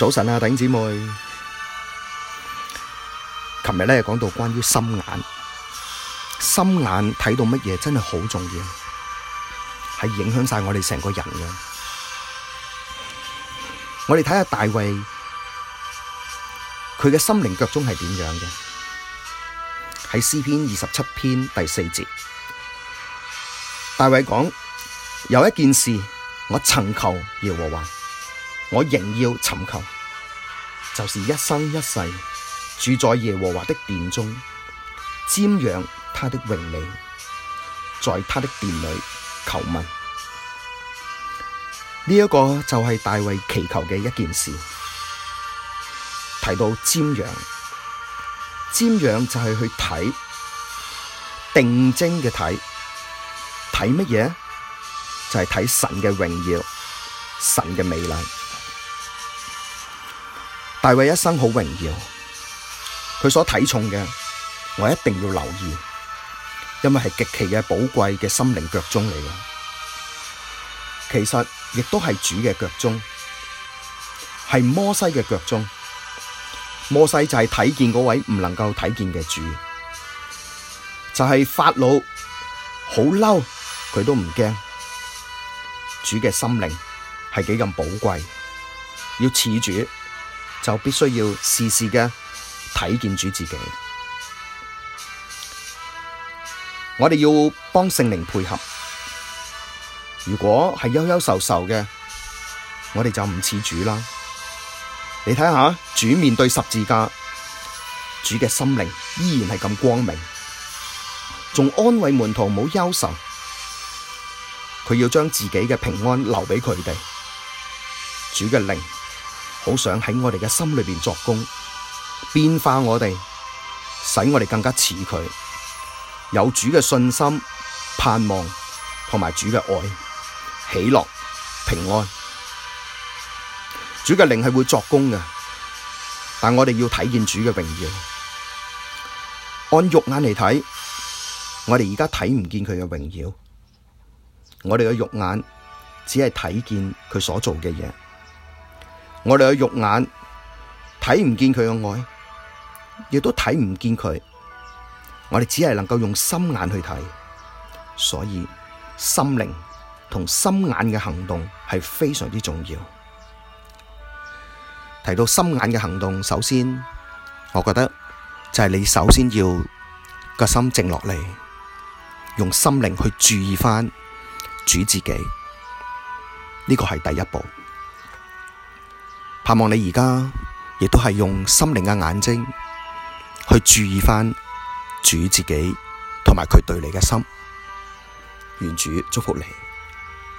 早晨啊，頂姐妹！琴日咧講到關於心眼，心眼睇到乜嘢真係好重要，係影響晒我哋成個人嘅。我哋睇下大衛佢嘅心靈腳蹤係點樣嘅？喺詩篇二十七篇第四節，大衛講，有一件事，我曾求耶和華。我仍要尋求，就是一生一世住在耶和華的殿中，瞻仰他的榮美，在他的殿裡求問。呢、這、一個就係大衛祈求嘅一件事。提到瞻仰，瞻仰就係去睇定睛嘅睇，睇乜嘢？就係、是、睇神嘅榮耀，神嘅美麗。大衛一生好榮耀，佢所睇重嘅，我一定要留意，因為係極其嘅寶貴嘅心靈腳蹤嚟。其實亦都係主嘅腳蹤，係摩西嘅腳蹤。摩西就係睇見嗰位唔能夠睇見嘅主，就係、是、法老，好嬲佢都唔驚。主嘅心靈係幾咁寶貴，要似主，就必須要時時嘅睇見主自己，我哋要幫聖靈配合。如果係憂憂愁愁嘅，我哋就唔似主啦。你睇下主面對十字架，主嘅心靈依然係咁光明，仲安慰門徒冇憂愁。佢要將自己嘅平安留畀佢哋。主嘅靈。好想喺我哋嘅心裏邊作工，變化我哋，使我哋更加似佢，有主嘅信心、盼望同埋主嘅愛、喜樂、平安。主嘅靈係會作工嘅，但我哋要睇見主嘅榮耀。按肉眼嚟睇，我哋而家睇唔見佢嘅榮耀。我哋嘅肉眼只係睇見佢所做嘅嘢。我哋嘅肉眼睇唔見佢嘅愛，亦都睇唔見佢。我哋只係能夠用心眼去睇，所以心靈同心眼嘅行動係非常之重要。提到心眼嘅行動，首先我覺得就係你首先要個心靜落嚟，用心靈去注意翻主自己，呢、這個係第一步。盼望你而家亦都係用心靈嘅眼睛去注意返主自己同埋佢對你嘅心，願主祝福你。